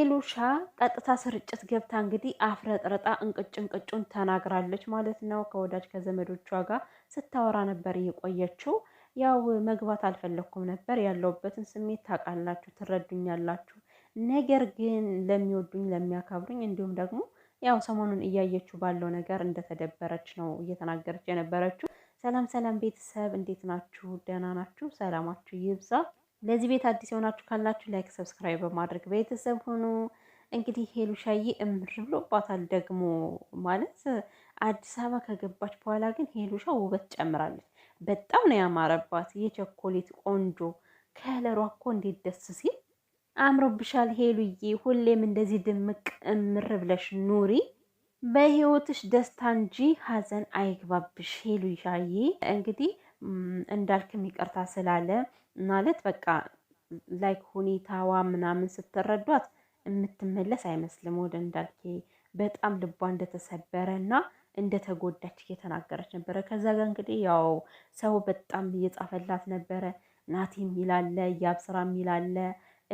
ሄሉሻ ቀጥታ ስርጭት ገብታ እንግዲህ አፍረጥርጣ እንቅጭ እንቅጩን ተናግራለች ማለት ነው። ከወዳጅ ከዘመዶቿ ጋር ስታወራ ነበር የቆየችው። ያው መግባት አልፈለግኩም ነበር፣ ያለውበትን ስሜት ታውቃላችሁ፣ ትረዱኛላችሁ። ነገር ግን ለሚወዱኝ ለሚያከብሩኝ፣ እንዲሁም ደግሞ ያው ሰሞኑን እያየችው ባለው ነገር እንደተደበረች ነው እየተናገረች የነበረችው። ሰላም ሰላም ቤተሰብ እንዴት ናችሁ? ደህና ናችሁ? ሰላማችሁ ይብዛ። ለዚህ ቤት አዲስ የሆናችሁ ካላችሁ ላይክ፣ ሰብስክራይብ በማድረግ ቤተሰብ ሆኑ። እንግዲህ ሄሉሻዬ እምር ብሎባታል ደግሞ ማለት አዲስ አበባ ከገባች በኋላ ግን ሄሉሻ ውበት ጨምራለች። በጣም ነው ያማረባት የቸኮሌት ቆንጆ ከለሯ እኮ እንዴት ደስ ሲል አምሮብሻል ሄሉዬ። ሁሌም እንደዚህ ድምቅ እምር ብለሽ ኑሪ። በህይወትሽ ደስታ እንጂ ሀዘን አይግባብሽ ሄሉሻዬ። እንግዲህ እንዳልክም ይቅርታ ስላለ ማለት በቃ ላይክ ሁኔታዋ ምናምን ስትረዷት የምትመለስ አይመስልም። ወደ እንዳልኬ በጣም ልቧ እንደተሰበረ እና እንደተጎዳች እየተናገረች ነበረ። ከዛ ጋር እንግዲህ ያው ሰው በጣም እየጻፈላት ነበረ። ናቲ የሚላለ እያብስራ የሚላለ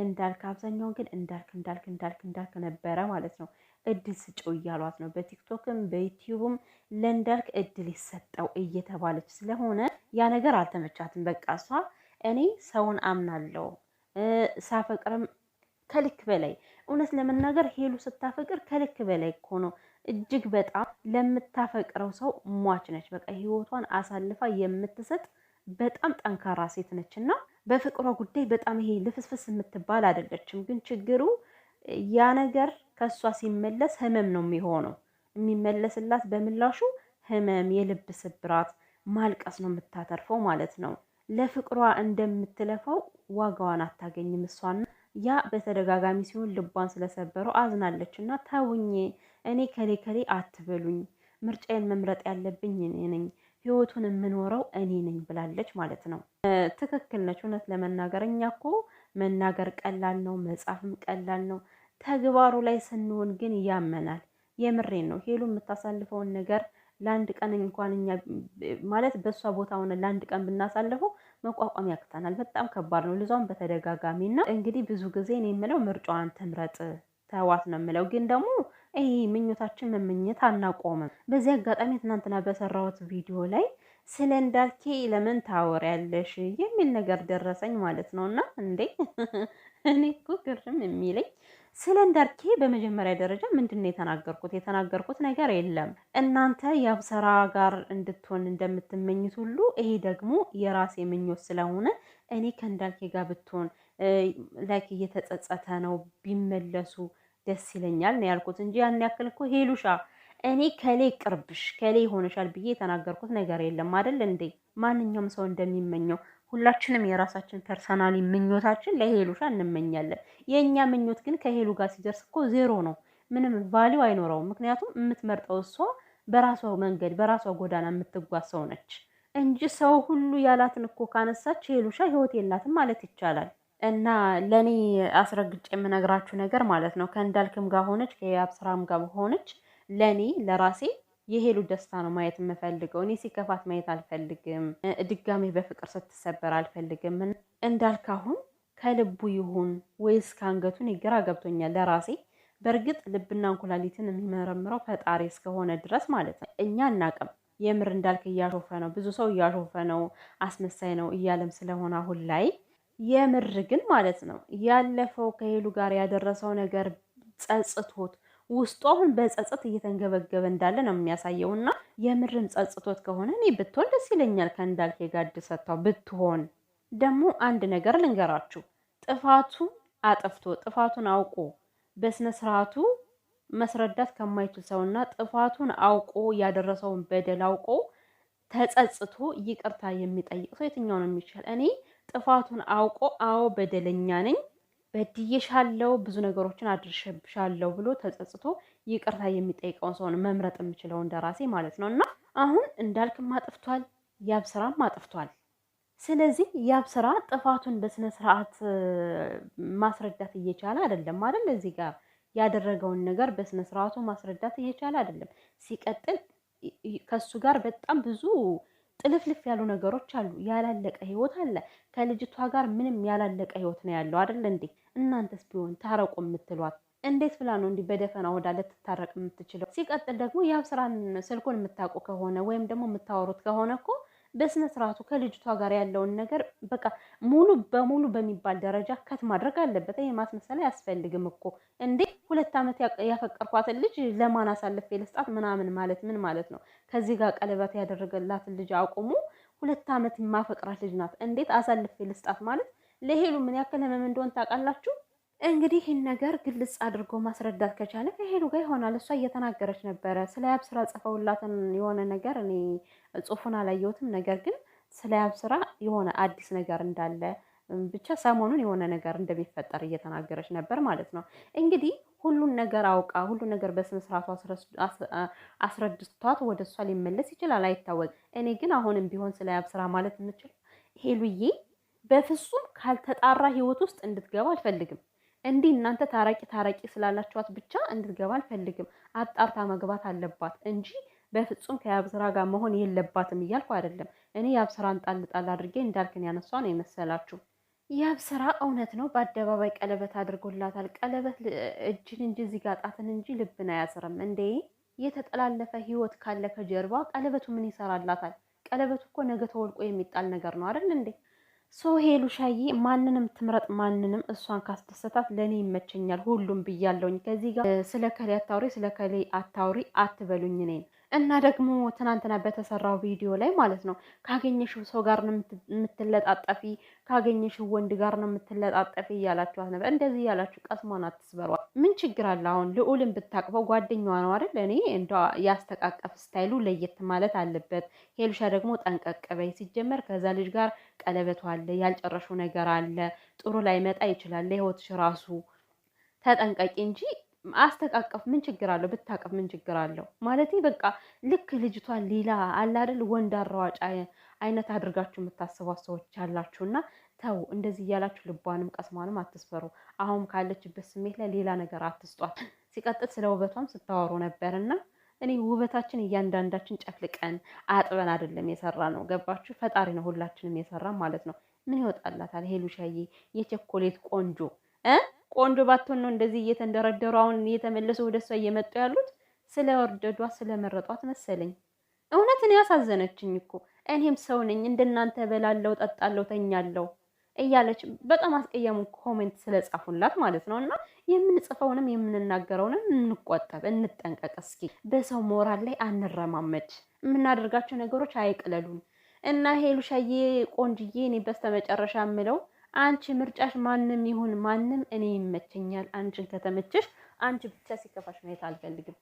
እንዳልክ፣ አብዛኛውን ግን እንዳልክ እንዳልክ እንዳልክ እንዳልክ ነበረ ማለት ነው። እድል ስጭው እያሏት ነው። በቲክቶክም በዩቲዩብም ለእንዳልክ እድል ይሰጠው እየተባለች ስለሆነ ያ ነገር አልተመቻትም። በቃ እሷ እኔ ሰውን አምናለሁ ሳፈቅርም ከልክ በላይ እውነት ለመናገር ሄሉ ስታፈቅር ከልክ በላይ እኮ ነው። እጅግ በጣም ለምታፈቅረው ሰው ሟች ነች። በቃ ህይወቷን አሳልፋ የምትሰጥ በጣም ጠንካራ ሴት ነች እና በፍቅሯ ጉዳይ በጣም ይሄ ልፍስፍስ የምትባል አይደለችም። ግን ችግሩ ያ ነገር ከእሷ ሲመለስ ህመም ነው የሚሆነው። የሚመለስላት በምላሹ ህመም፣ የልብ ስብራት፣ ማልቀስ ነው የምታተርፈው ማለት ነው። ለፍቅሯ እንደምትለፈው ዋጋዋን አታገኝም እሷና ያ በተደጋጋሚ ሲሆን ልቧን ስለሰበረው አዝናለች እና ተውኝ፣ እኔ ከሌ ከሌ አትበሉኝ፣ ምርጫዬን መምረጥ ያለብኝ እኔ ነኝ፣ ህይወቱን የምኖረው እኔ ነኝ ብላለች ማለት ነው። ትክክል ነች። እውነት ለመናገር እኛ እኮ መናገር ቀላል ነው፣ መጻፍም ቀላል ነው። ተግባሩ ላይ ስንሆን ግን ያመናል። የምሬን ነው። ሄሉ የምታሳልፈውን ነገር ለአንድ ቀን እንኳን እኛ ማለት በእሷ ቦታ ሆነ ለአንድ ቀን ብናሳልፈው መቋቋም ያቅታናል። በጣም ከባድ ነው። ልዛውን በተደጋጋሚ እና እንግዲህ ብዙ ጊዜ እኔ የምለው ምርጫዋን ትምረጥ ተዋት ነው የምለው። ግን ደግሞ ይሄ ምኞታችን መመኘት አናቆምም። በዚህ አጋጣሚ ትናንትና በሰራሁት ቪዲዮ ላይ ስለ እንዳልኬ ለምን ታወሪያለሽ የሚል ነገር ደረሰኝ ማለት ነው እና እንዴ እኔ እኮ ግርም የሚለኝ ስለ እንዳልኬ በመጀመሪያ ደረጃ ምንድን ነው የተናገርኩት? የተናገርኩት ነገር የለም። እናንተ የአብሰራ ጋር እንድትሆን እንደምትመኝት ሁሉ ይሄ ደግሞ የራሴ ምኞት ስለሆነ እኔ ከእንዳልኬ ጋር ብትሆን ላይክ እየተጸጸተ ነው ቢመለሱ ደስ ይለኛል ነው ያልኩት እንጂ ያን ያክል እኮ ሄሉሻ እኔ ከሌ ቅርብሽ ከሌ ሆነሻል ብዬ የተናገርኩት ነገር የለም አይደል እንዴ? ማንኛውም ሰው እንደሚመኘው ሁላችንም የራሳችን ፐርሰናሊ ምኞታችን ለሄሉሻ እንመኛለን። የእኛ ምኞት ግን ከሄሉ ጋር ሲደርስ እኮ ዜሮ ነው፣ ምንም ቫሊው አይኖረውም። ምክንያቱም የምትመርጠው እሷ በራሷ መንገድ በራሷ ጎዳና የምትጓዝ ሰው ነች እንጂ ሰው ሁሉ ያላትን እኮ ካነሳች ሄሉሻ ህይወት የላትም ማለት ይቻላል። እና ለእኔ አስረግጭ የምነግራችሁ ነገር ማለት ነው ከእንዳልክም ጋር ሆነች ከየአብስራም ጋር ሆነች ለእኔ ለራሴ የሄሉ ደስታ ነው ማየት የምፈልገው። እኔ ሲከፋት ማየት አልፈልግም። ድጋሜ በፍቅር ስትሰበር አልፈልግም። እንዳልካሁን ከልቡ ይሁን ወይስ ከአንገቱ ግራ ገብቶኛል ለራሴ በእርግጥ ልብና እንኩላሊትን የሚመረምረው ፈጣሪ እስከሆነ ድረስ ማለት ነው። እኛ እናቅም። የምር እንዳልክ እያሾፈ ነው፣ ብዙ ሰው እያሾፈ ነው፣ አስመሳይ ነው እያለም ስለሆነ አሁን ላይ የምር ግን ማለት ነው ያለፈው ከሄሉ ጋር ያደረሰው ነገር ጸጽቶት ውስጡ አሁን በጸጸት እየተንገበገበ እንዳለ ነው የሚያሳየው። እና የምርም ጸጽቶት ከሆነ እኔ ብትሆን ደስ ይለኛል ከእንዳልክ የጋድ ሰጥተው ብትሆን። ደግሞ አንድ ነገር ልንገራችሁ፣ ጥፋቱ አጥፍቶ ጥፋቱን አውቆ በስነ ስርዓቱ መስረዳት ከማይችል ሰውና ጥፋቱን አውቆ ያደረሰውን በደል አውቆ ተጸጽቶ ይቅርታ የሚጠይቅ ሰው የትኛው ነው የሚቻል? እኔ ጥፋቱን አውቆ አዎ በደለኛ ነኝ በድዬሻለሁ፣ ብዙ ነገሮችን አድርሼብሻለሁ ብሎ ተጸጽቶ ይቅርታ የሚጠይቀውን ሰውን መምረጥ የምችለው እንደራሴ ማለት ነው። እና አሁን እንዳልክም አጥፍቷል፣ ያብ ስራም አጥፍቷል። ስለዚህ ያብ ስራ ጥፋቱን በስነ ስርዓት ማስረዳት እየቻለ አይደለም አይደል? እዚህ ጋር ያደረገውን ነገር በስነ ስርዓቱ ማስረዳት እየቻለ አይደለም። ሲቀጥል ከሱ ጋር በጣም ብዙ ጥልፍልፍ ያሉ ነገሮች አሉ። ያላለቀ ህይወት አለ። ከልጅቷ ጋር ምንም ያላለቀ ህይወት ነው ያለው አይደል እንዴ? እናንተስ ቢሆን ታረቁ የምትሏት እንዴት ብላ ነው እንዲህ በደፈና ወዳ ልትታረቅ የምትችለው? ሲቀጥል ደግሞ ያብ ስራን ስልኩን የምታውቁ ከሆነ ወይም ደግሞ የምታወሩት ከሆነ እኮ በስነ ስርዓቱ ከልጅቷ ጋር ያለውን ነገር በቃ ሙሉ በሙሉ በሚባል ደረጃ ከት ማድረግ አለበት። ይህ ማስመሰል አያስፈልግም እኮ እንዴ! ሁለት ዓመት ያፈቀርኳትን ልጅ ለማን አሳልፌ ልስጣት? ምናምን ማለት ምን ማለት ነው? ከዚህ ጋር ቀለበት ያደረገላትን ልጅ አቁሙ። ሁለት ዓመት የማፈቅራት ልጅ ናት። እንዴት አሳልፌ ልስጣት ማለት ለሄሉ ምን ያክል ህመም እንደሆን ታውቃላችሁ? እንግዲህ ይህን ነገር ግልጽ አድርጎ ማስረዳት ከቻለ ከሄሉ ጋር ይሆናል። እሷ እየተናገረች ነበረ ስለ ያብ ስራ ጽፈውላትን የሆነ ነገር እኔ ጽሑፉን አላየሁትም። ነገር ግን ስለ ያብ ስራ የሆነ አዲስ ነገር እንዳለ ብቻ ሰሞኑን የሆነ ነገር እንደሚፈጠር እየተናገረች ነበር ማለት ነው። እንግዲህ ሁሉን ነገር አውቃ ሁሉን ነገር በስነ አስረድቷት ወደ እሷ ሊመለስ ይችላል፣ አይታወቅም። እኔ ግን አሁንም ቢሆን ስለ ያብ ስራ ማለት የምችለው ሄሉዬ በፍጹም ካልተጣራ ህይወት ውስጥ እንድትገባ አልፈልግም። እንዲህ እናንተ ታራቂ ታራቂ ስላላችኋት ብቻ እንድትገባ አልፈልግም። አጣርታ መግባት አለባት እንጂ በፍጹም ከያብስራ ጋር መሆን የለባትም እያልኩ አይደለም። እኔ ያብስራን ጣል ጣል አድርጌ እንዳልክን ያነሷ ነው የመሰላችሁ። ያብስራ እውነት ነው፣ በአደባባይ ቀለበት አድርጎላታል። ቀለበት እጅን እንጂ እዚህ ጋር ጣትን እንጂ ልብን አያስርም እንዴ! የተጠላለፈ ህይወት ካለ ከጀርባ ቀለበቱ ምን ይሰራላታል? ቀለበቱ እኮ ነገ ተወልቆ የሚጣል ነገር ነው አይደል እንዴ? ሄሉ ሻዬ ማንንም ትምረጥ ማንንም እሷን ካስደሰታት ለእኔ ይመቸኛል ሁሉም ብያለውኝ። ከዚህ ጋር ስለ ከሌ አታውሪ ስለ ከሌ አታውሪ አትበሉኝ እኔን እና ደግሞ ትናንትና በተሰራው ቪዲዮ ላይ ማለት ነው ካገኘሽው ሰው ጋር ነው የምትለጣጠፊ፣ ካገኘሽው ወንድ ጋር ነው የምትለጣጠፊ እያላችኋት ነበር። እንደዚህ እያላችሁ ቀስሟን አትስበሯል። ምን ችግር አለ? አሁን ልዑልን ብታቅፈው ጓደኛዋ ነው አይደል? እኔ እንደ ያስተቃቀፍ ስታይሉ ለየት ማለት አለበት። ሄሉሻ ደግሞ ጠንቀቅ በይ። ሲጀመር ከዛ ልጅ ጋር ቀለበቱ አለ፣ ያልጨረሹ ነገር አለ፣ ጥሩ ላይ መጣ ይችላል። ለህይወትሽ ራሱ ተጠንቀቂ እንጂ አስተቃቀፍ ምን ችግር አለው? ብታቀፍ ምን ችግር አለው? ማለት በቃ ልክ ልጅቷን ሌላ አላደል ወንድ አራዋጭ አይነት አድርጋችሁ የምታስቧት ሰዎች አላችሁ እና ተው እንደዚህ እያላችሁ ልቧንም ቀስሟንም አትስፈሩ። አሁን ካለችበት ስሜት ላይ ሌላ ነገር አትስጧት። ሲቀጥል ስለ ውበቷም ስታወሩ ነበር እና እኔ ውበታችን እያንዳንዳችን ጨፍልቀን አጥበን አይደለም የሰራ ነው። ገባችሁ? ፈጣሪ ነው ሁላችንም የሰራ ማለት ነው። ምን ይወጣላታል? ሄሉሻዬ የቸኮሌት ቆንጆ እ ቆንጆ ባትሆን ነው እንደዚህ እየተንደረደሩ አሁን እየተመለሱ ወደ እሷ እየመጡ ያሉት። ስለወደዷት ስለመረጧት መሰለኝ። እውነትን እኔ ያሳዘነችኝ እኮ እኔም ሰው ነኝ እንደናንተ በላለው፣ ጠጣለው፣ ተኛለው እያለች በጣም አስቀያሙ ኮሜንት ስለጻፉላት ማለት ነው። እና የምንጽፈውንም የምንናገረውንም እንቆጠብ፣ እንጠንቀቅ። እስኪ በሰው ሞራል ላይ አንረማመድ። የምናደርጋቸው ነገሮች አይቅለሉን። እና ሄሉሻዬ ቆንጅዬ፣ እኔ በስተመጨረሻ የምለው አንቺ ምርጫሽ ማንም ይሁን ማንም እኔ ይመቸኛል። አንቺን ከተመቸሽ አንቺ ብቻ ሲከፋሽ ማየት አልፈልግም።